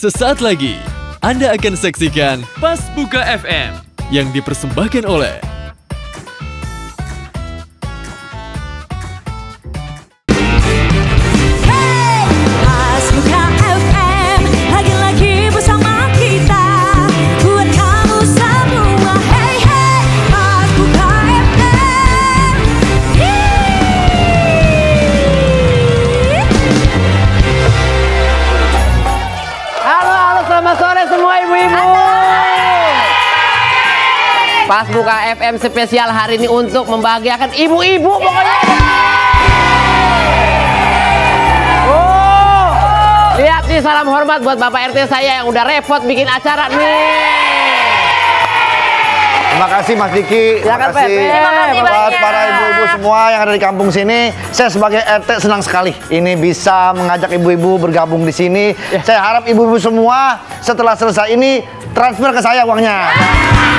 Sesaat lagi, Anda akan saksikan Pas Buka FM yang dipersembahkan oleh Pramuka FM spesial hari ini untuk membahagiakan ibu-ibu pokoknya. Oh, lihat nih salam hormat buat Bapak RT saya yang udah repot bikin acara nih. Terima kasih Mas Diki, terima kasih buat para ibu-ibu semua yang ada di kampung sini. Saya sebagai RT senang sekali ini bisa mengajak ibu-ibu bergabung di sini. Ya. Saya harap ibu-ibu semua setelah selesai ini transfer ke saya uangnya. Ya.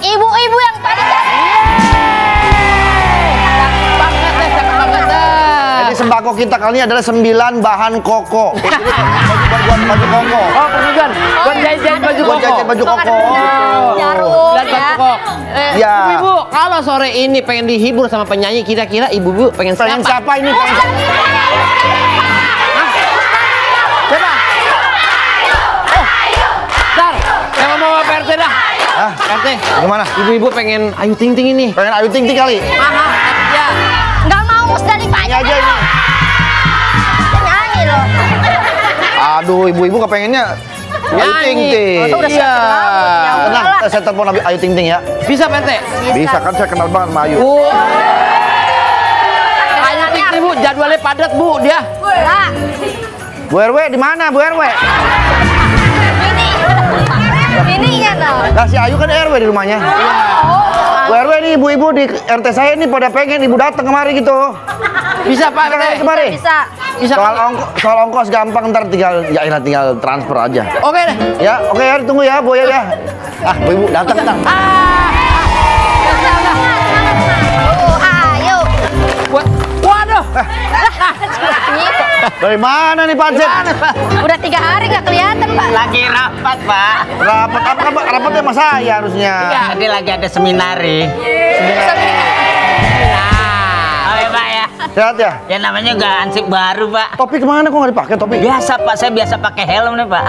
ibu-ibu yang tadi iya. Jadi sembako kita kali ini adalah sembilan bahan koko. Buat baju koko. Oh, pengajian. Oh, iya. Buat jahit-jahit baju koko. Buat jahit baju koko. Dan baju koko. Ya. Ibu, iya. kalau sore ini pengen dihibur sama penyanyi, kira-kira ibu-ibu pengen siapa? Pengen siapa ini? Pengen siapa? Pak Gimana? Ibu-ibu pengen Ayu Ting Ting ini. Pengen Ayu Ting Ting kali. Mama, ya. Enggak mau dari banyak aja ini. Nyanyi loh. Aduh, ibu-ibu kepengennya Ayu Ting Ting. iya. Ya Tenang, saya telepon Ayu Ting Ting ya. Bisa, PT? Bisa. kan saya kenal banget sama Ayu. Oh. Ayu Ting Ting, Bu, jadwalnya padat, Bu, dia. Bu RW di mana, Bu RW? ininya dong. Nah, si Ayu kan RW di rumahnya. Iya. Oh. RW nih ibu-ibu di RT saya ini pada pengen ibu datang kemari gitu. Bisa Pak RT. Kemari. Bisa. Bisa. Soal, ongko, soal ongkos gampang ntar tinggal ya ini tinggal transfer aja. Oke deh. Ya, oke ya tunggu ya, Bu ya, ya. Ah, Bu Ibu datang ntar. Ah. Ayo. Waduh. Eh. Dari mana nih Pak Udah tiga hari nggak kelihatan Pak. Lagi rapat Pak. Rapat apa Pak? Rapat sama saya harusnya. Iya, dia lagi ada seminari. Seminari. Oke Pak ya. Sehat ya? Ya namanya juga ansip baru Pak. Topi kemana kok nggak dipakai topi? Biasa Pak, saya biasa pakai helm nih Pak.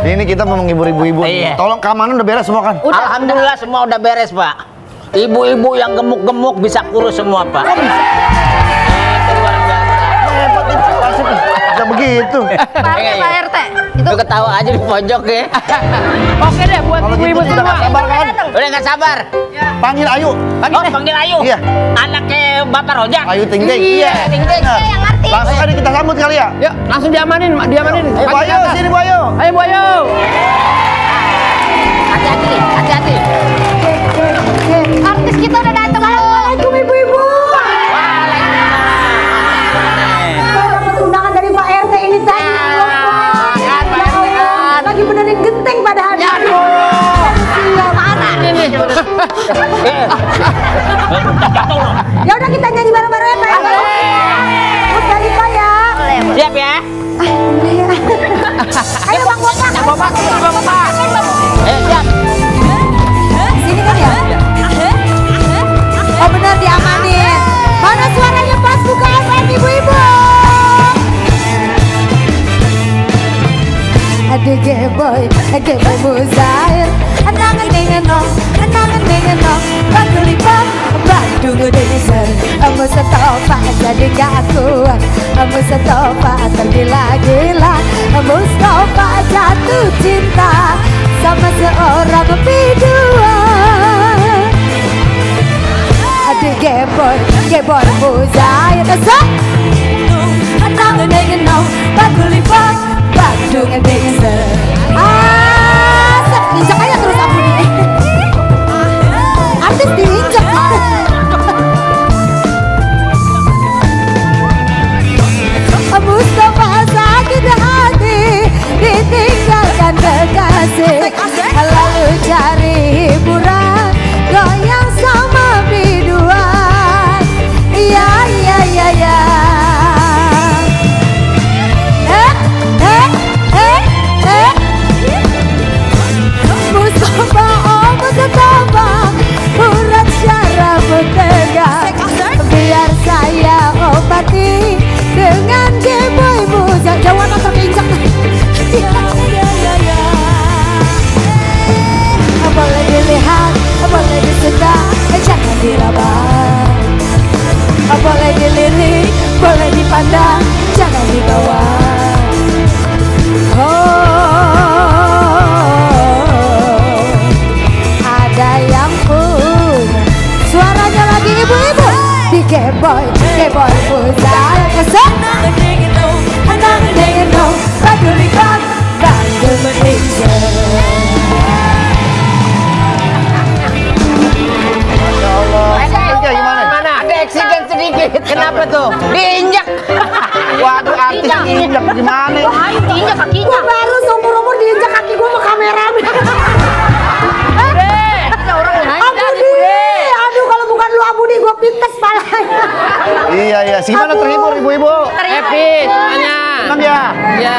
Ini kita mau menghibur ibu-ibu. Iya. Tolong keamanan udah beres semua kan? Udah, Alhamdulillah udah. semua udah beres pak. Ibu-ibu yang gemuk-gemuk bisa kurus semua pak. Oh, bisa? bisa begitu. Ya, Pak RT, Pak RT. Itu ketawa aja di pojok ya. Oke deh buat ibu ibu gitu semua. Udah sabar kan? Udah nggak sabar. Ya. Panggil Ayu. Panggil, oh, eh, panggil Ayu. Iya. Anaknya Bapak Rojak. Ayu Tingting. Iya, Tingting. Iya. Nah, iya, yang ngerti. Langsung aja kita sambut kali ya. Yuk, langsung diamanin, diamanin. Ayo eh, Bu Ayu, sini Bu Ayu. Ayo Bu Ayu. đi ghé bơi anh kể bơi mưa dài anh đang anh đang anh đang anh đang anh đang anh nóng bắt đầu đi bắt bắt đầu người đi dần anh mới sẽ tỏ và jadi kaku anh mới sẽ tỏ và tergila gila anh mới tỏ và jatuh cinta sama seorang berdua Ada game boy, game boy muzai Adasak Ada ngedengin nau, bakuli boy Bandungnya Dexter gitu. Ah, injak aja terus aku nih Artis diinjak guys. Gimana Aduh. terhibur ibu-ibu? Happy semuanya. Senang ya? Ya.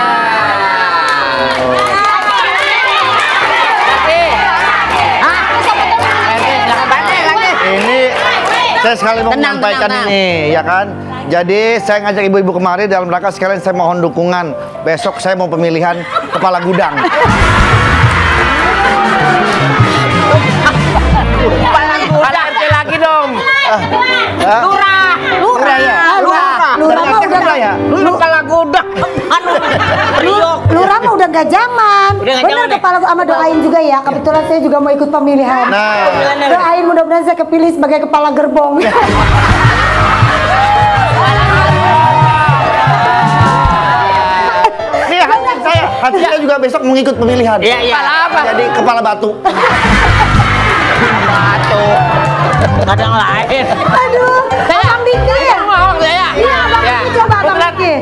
Ini saya sekali mau tenang, menyampaikan tenang, ini, ya kan? Jadi saya ngajak ibu-ibu kemari dalam rangka sekalian saya mohon dukungan. Besok saya mau pemilihan kepala gudang. kepala gudang. Lagi lagi dong. Ah. Ah. Lurah. Lurah ya udah gak ya? Lu, lu kepala godak. Anu. anu lu, lu rama udah gak zaman. Udah gak Bener zaman kepala ya? sama doain juga ya. Kebetulan saya juga mau ikut pemilihan. Nah. Doain mudah-mudahan saya kepilih sebagai kepala gerbong. hati saya iya. juga besok mengikut pemilihan. Iya, iya. Kepala apa? Jadi kepala batu. batu. Kadang lain. Aduh.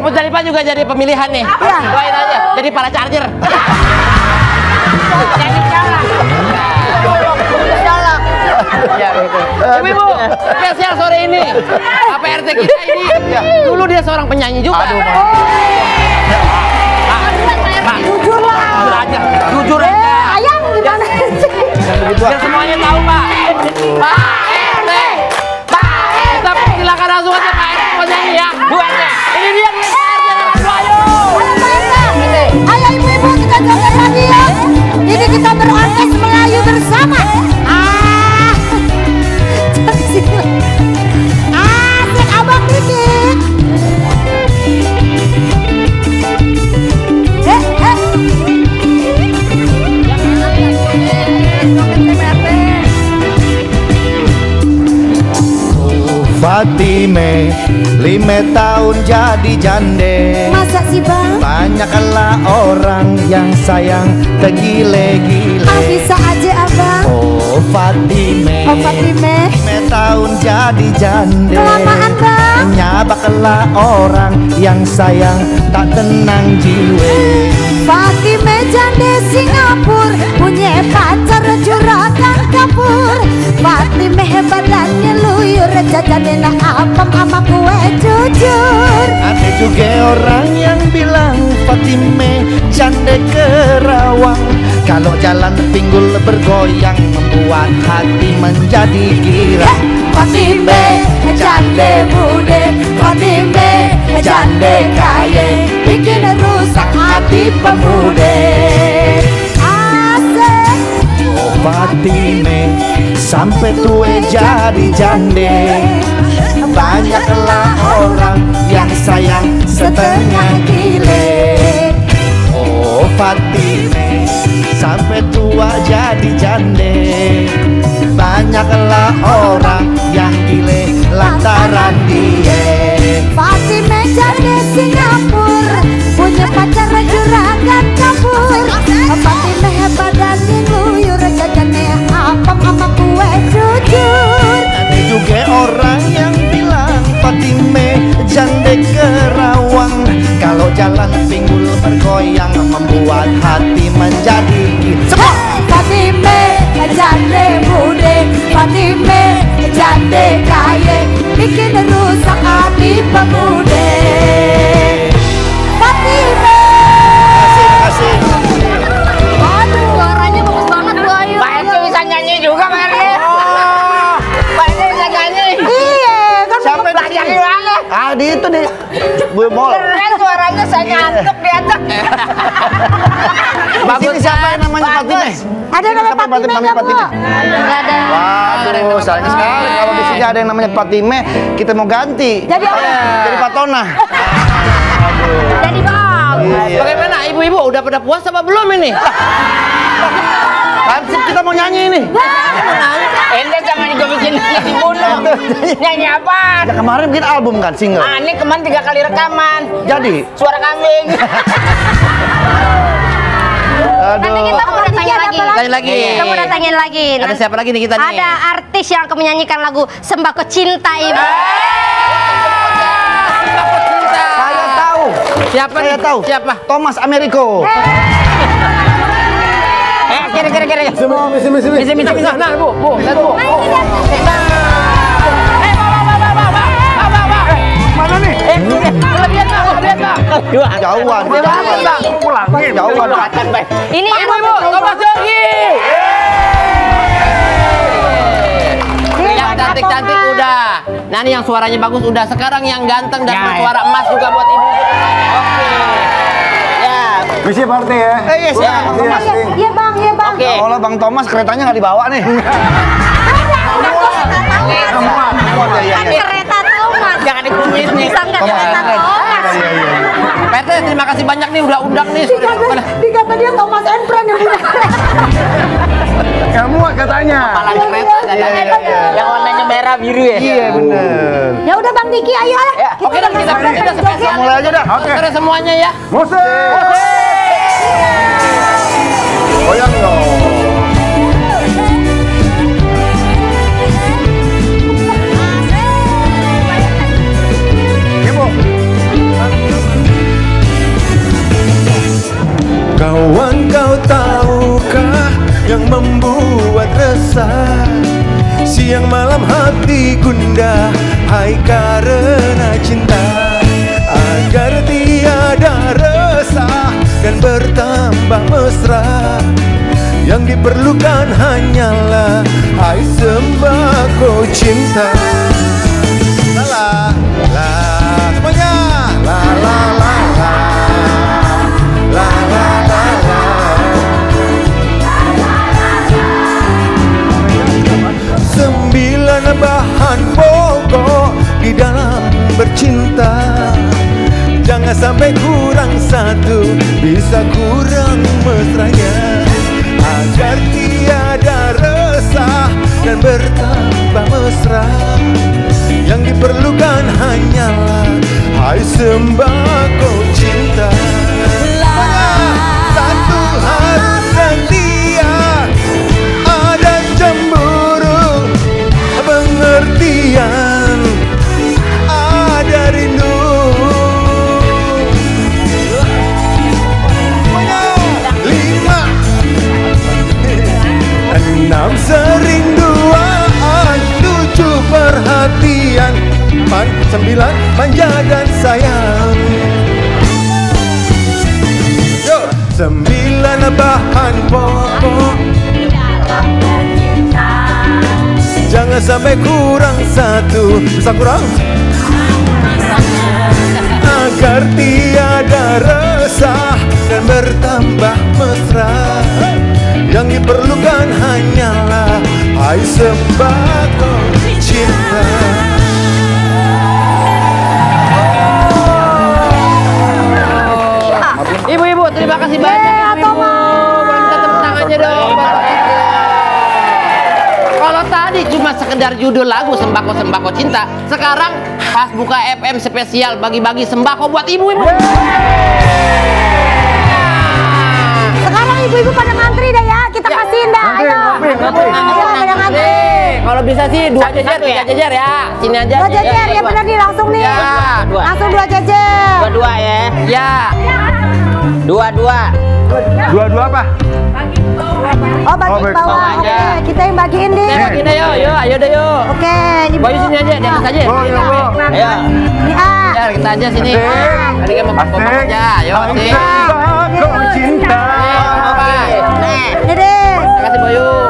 Musdalifah juga jadi pemilihan nih. Iya. Doain aja. Jadi para charger. jadi jalan. Jalan. Iya, gitu. eh, ibu, gitu. spesial sore ini. Apa RT kita ini? Iya. Dulu dia seorang penyanyi juga. Aduh. kita berolahraga Fatime Lima tahun jadi jande Masa sih bang? Tanyakanlah orang yang sayang tegile gile Ah bisa aja abang Oh Fatime Oh Fatime Lima tahun jadi jande Kelamaan bang Nyabakalah orang yang sayang tak tenang jiwa Fatime jande Singapura Punya pacar juragan Pati Fatimah badannya luyur Jajanin apem sama kue jujur Ada juga orang yang bilang Fatimah jande kerawang Kalau jalan pinggul bergoyang Membuat hati menjadi girang eh, Fatimah jande bude Fatimah jande kaya Bikin rusak hati pemuda hatine Sampai tue jadi jande Banyaklah orang yang sayang setengah gile Oh Fatime Sampai tua jadi jande Banyaklah orang yang gile lantaran dia Fatime jadi singa namanya Fatime? Eh? Ada nama Fatime enggak, Bu? Enggak ada. Waduh, sayang sekali kalau di sini ada yang namanya Fatime, eh, kita mau ganti. Jadi apa? Ah, jadi Patona. Jadi bagus. Iya. Bagaimana ibu-ibu udah pada puas apa belum ini? Pansip kita mau nyanyi ini. Enda jangan juga bikin dibunuh. Nyanyi apa? Ya kemarin bikin album kan single. Ah, ini kemarin tiga kali rekaman. Jadi suara kambing. Aduh. Nanti kita mau tanya lagi. Tanya lagi. Kita mau tanyain lagi. Ada siapa lagi nih kita nih? Ada artis yang akan menyanyikan lagu Sembako Cinta Ibu. Sembako Cinta. Saya tahu. Siapa? Saya tahu. Siapa? Thomas Amerigo. Eh, kira kira kira. Semua, semua, sini. Sini sini sini. Nah, Bu, Bu. Satu. Nah, bu. Nah, Eh, kelebihan bang, kelebihan bang. Jauhan. Dia banget bang. Pulangin. Jauhan. Ini ibu-ibu, Yang cantik-cantik udah. nani yang suaranya bagus udah. Sekarang yang ganteng dan ya, ya. suara emas juga buat ibu. Oke. Ya. Misi party ya. Eh, iya, ya. Iya, iya bang, iya bang. Oke. Kalau bang Thomas keretanya nggak dibawa nih. Semua. Semua. Semua. Semua jangan dikumis nih. Bisa enggak Oh, PT terima kasih banyak nih udah undang nih. Dikata, dikata dia Thomas and Friend yang punya. Kamu katanya. Kepala iya, kereta iya, katanya. Iya, yang warnanya merah biru ya. Iya benar. Ya udah Bang Diki ayo lah. Ya, oke dah kita kita spesial. Mulai aja dah. Oke. Semuanya ya. Musik. Musik. Goyang dong. Kawan kau tahukah yang membuat resah Siang malam hati gundah Hai karena cinta Agar tiada resah dan bertambah mesra Yang diperlukan hanyalah Hai sembako cinta di dalam bercinta Jangan sampai kurang satu Bisa kurang mesranya Agar tiada resah Dan bertambah mesra Yang diperlukan hanyalah Hai sembako cinta Sembilan, pan, sembilan, manja dan sayang Yo. Sembilan bahan pokok Jangan sampai kurang satu Bisa kurang? Agar tiada resah Dan bertambah mesra Yang diperlukan hanyalah Hai sembako cinta kasih banyak yeah, Ibu. Boleh tepuk tangannya dong. Kalau tadi cuma sekedar judul lagu sembako sembako cinta, sekarang pas buka FM spesial bagi-bagi sembako buat ibu-ibu. Kalau bisa sih dua satu, jajar, satu, ya? tiga ya? jajar ya. Sini aja. Dua jajar, jajar. ya dua. benar nih langsung nih. Ya, dua. Langsung dua jajar. Dua dua ya. Ya. Dua dua. Dua dua apa? Oh bagi oh, bawah. Oke, okay. Ya. kita yang bagiin deh. Kita yuk, yuk, ayo deh yuk. Oke, okay, Bayu sini aja, di atas aja. Oh, iya, oh. Ayo. Ini A. Ya, kita aja sini. Tadi kan mau pop aja, yuk. sini. Kau cinta. Nih, nih deh. Terima kasih Bayu.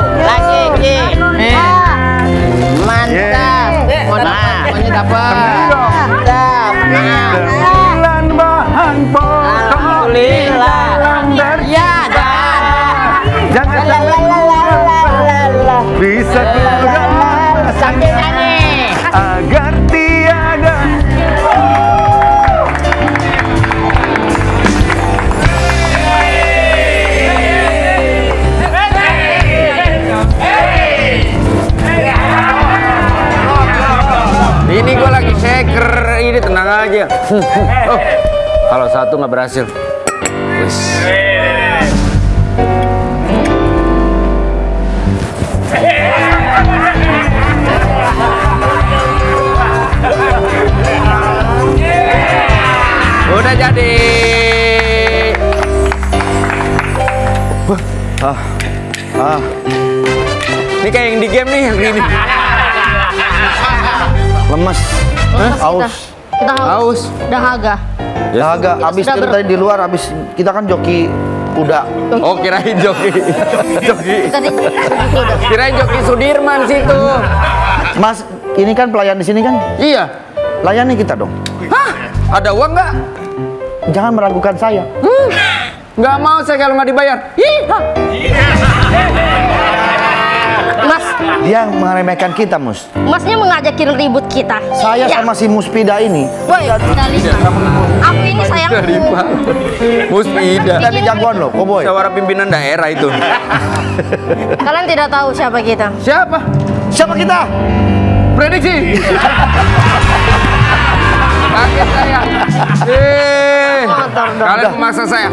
dapat. Dapat. Bulan bahan pokok. Alhamdulillah. aja. oh. Kalau satu nggak berhasil. Wis. Udah jadi. Ah, ah. Ini kayak yang di game nih yang ini. Lemes. Lemes Aus. Kita haus. Dahaga. Ya, dahaga. Abis itu tadi di luar, abis kita kan joki kuda. Oh kirain joki. joki. kirain joki Sudirman situ. Mas, ini kan pelayan di sini kan? Iya. Layani kita dong. Hah? Ada uang nggak? Jangan meragukan saya. Hmm. Nggak mau saya kalau nggak dibayar. iya Mas. Dia meremehkan kita, Mus. Masnya mengajakin ribut kita. Saya ya. sama si Muspida ini. Woi, Muspida Aku ini sayang. Muspida. Kita jagoan loh, Koboy. Sawara pimpinan daerah itu. Kalian tidak tahu siapa kita. Siapa? Siapa kita? Prediksi. Kaget saya. Eh, kalian memaksa saya.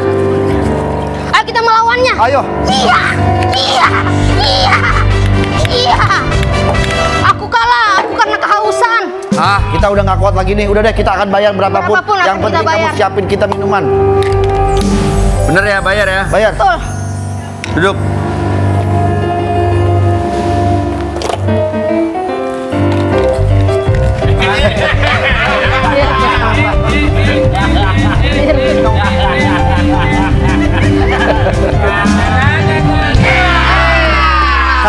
Ayo kita melawannya. Ayo. Iya, iya, iya. Iya. Aku kalah, aku karena kehausan. Ah, kita udah nggak kuat lagi nih. Udah deh, kita akan bayar berapapun. berapapun yang penting kamu siapin kita minuman. Bener ya, bayar ya. Bayar. Betul. Duduk. Yeah.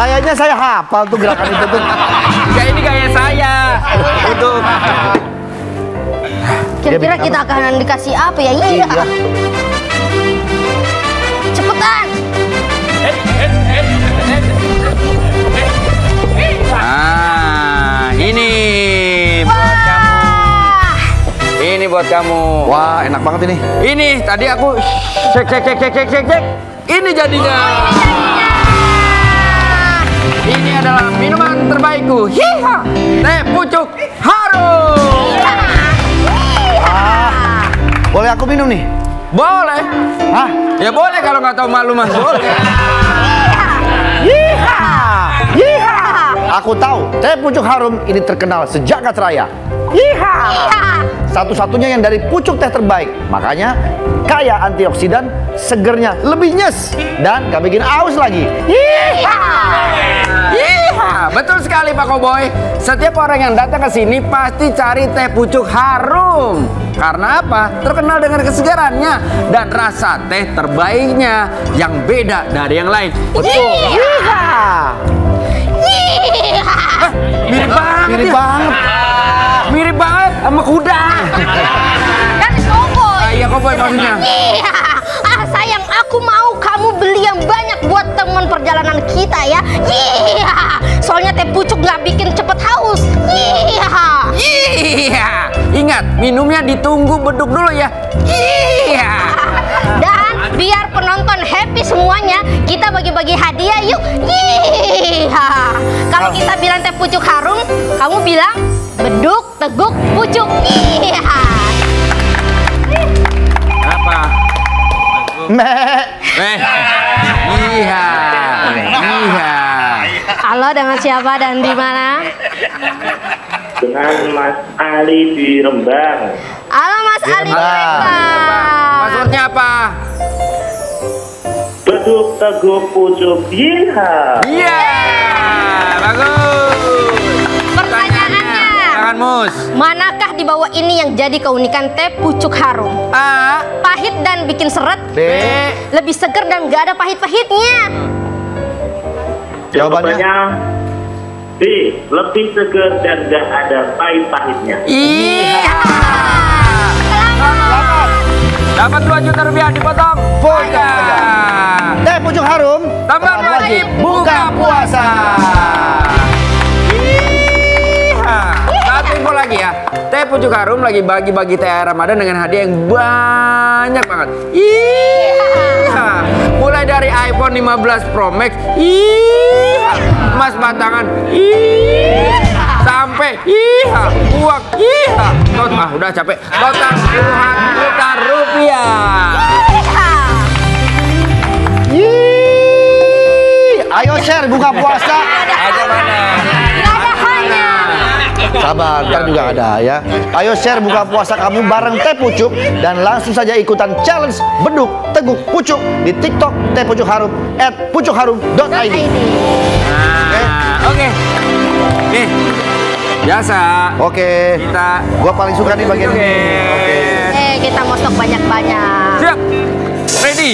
Kayaknya saya hafal tuh gerakan itu tuh. Kayak ini kayak saya. Untuk Kira-kira kita akan dikasih apa ya? Iya. iya. Cepetan. Ah, ini Ini buat kamu. Wah, enak banget ini. Ini tadi aku cek cek cek cek cek cek. Ini jadinya. Oh, ini jadinya. Ini adalah minuman terbaikku. Hiha. Teh pucuk harum. Ah, boleh aku minum nih? Boleh. Hah? Ya boleh kalau nggak tahu malu mas. Boleh. Hiha. Hiha. Aku tahu, teh pucuk harum ini terkenal sejak Katraya. Iha. Satu-satunya yang dari pucuk teh terbaik. Makanya kaya antioksidan, segernya lebih nyes dan gak bikin aus lagi. Iha. Iya. Betul sekali Pak Koboy. Setiap orang yang datang ke sini pasti cari teh pucuk harum. Karena apa? Terkenal dengan kesegarannya dan rasa teh terbaiknya yang beda dari yang lain. Betul. Iha. Eh, mirip banget. ya. banget sama kuda. Kan koboi. Ah, iya koboi maksudnya. Iya. Ah sayang, aku mau kamu beli yang banyak buat teman perjalanan kita ya. Iya. Soalnya teh pucuk nggak bikin cepet haus. Iya. Iya. Ingat, minumnya ditunggu beduk dulu ya. Iya. Dan biar penonton happy semuanya, kita bagi-bagi hadiah yuk. Iya. Kalau kita bilang teh pucuk harum, kamu bilang beduk, teguk, pucuk. Iya. Apa? Meh. Meh. Iya. Iya. Halo dengan siapa dan di mana? Dengan Mas Ali di Rembang. Halo Mas Ali di Rembang. Maksudnya apa? Beduk teguk pucuk. Iya. Iya. Bagus. Bagus. Manakah di bawah ini yang jadi keunikan teh pucuk harum? A. Pahit dan bikin seret. B. Lebih seger dan gak ada pahit-pahitnya. Jawabannya. B. Lebih seger dan gak ada pahit-pahitnya. Iya. iya. Selamat. Dapat dua juta rupiah dipotong. Punya. Teh pucuk harum. Tambah wajib buka puasa. Pucuk Harum lagi bagi-bagi THR Ramadan dengan hadiah yang banyak banget. Iya. Mulai dari iPhone 15 Pro Max, iya. Mas batangan, iya. Sampai iya, uang iya. Tot ah udah capek. Total puluhan juta rupiah. Iya. iya. Ayo share buka puasa. Ada mana? Sabar, ntar iya. juga ada ya. Ayo share buka puasa kamu bareng Teh Pucuk dan langsung saja ikutan challenge beduk teguk pucuk di TikTok Teh Pucuk Harum at pucukharum.id. Nah, Oke. Okay. Biasa. Oke. Okay. Kita gua paling suka nih bagian ini. Oke. Okay. Eh, kita stok banyak-banyak. Siap. Ready.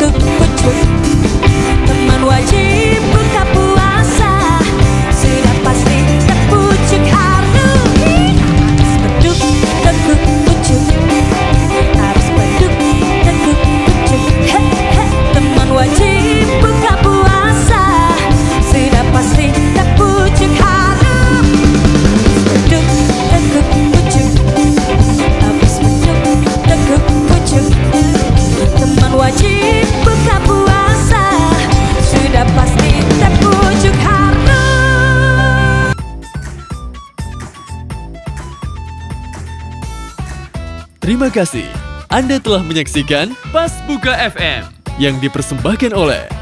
Teguk pucuk. kasih. Anda telah menyaksikan Pas Buka FM yang dipersembahkan oleh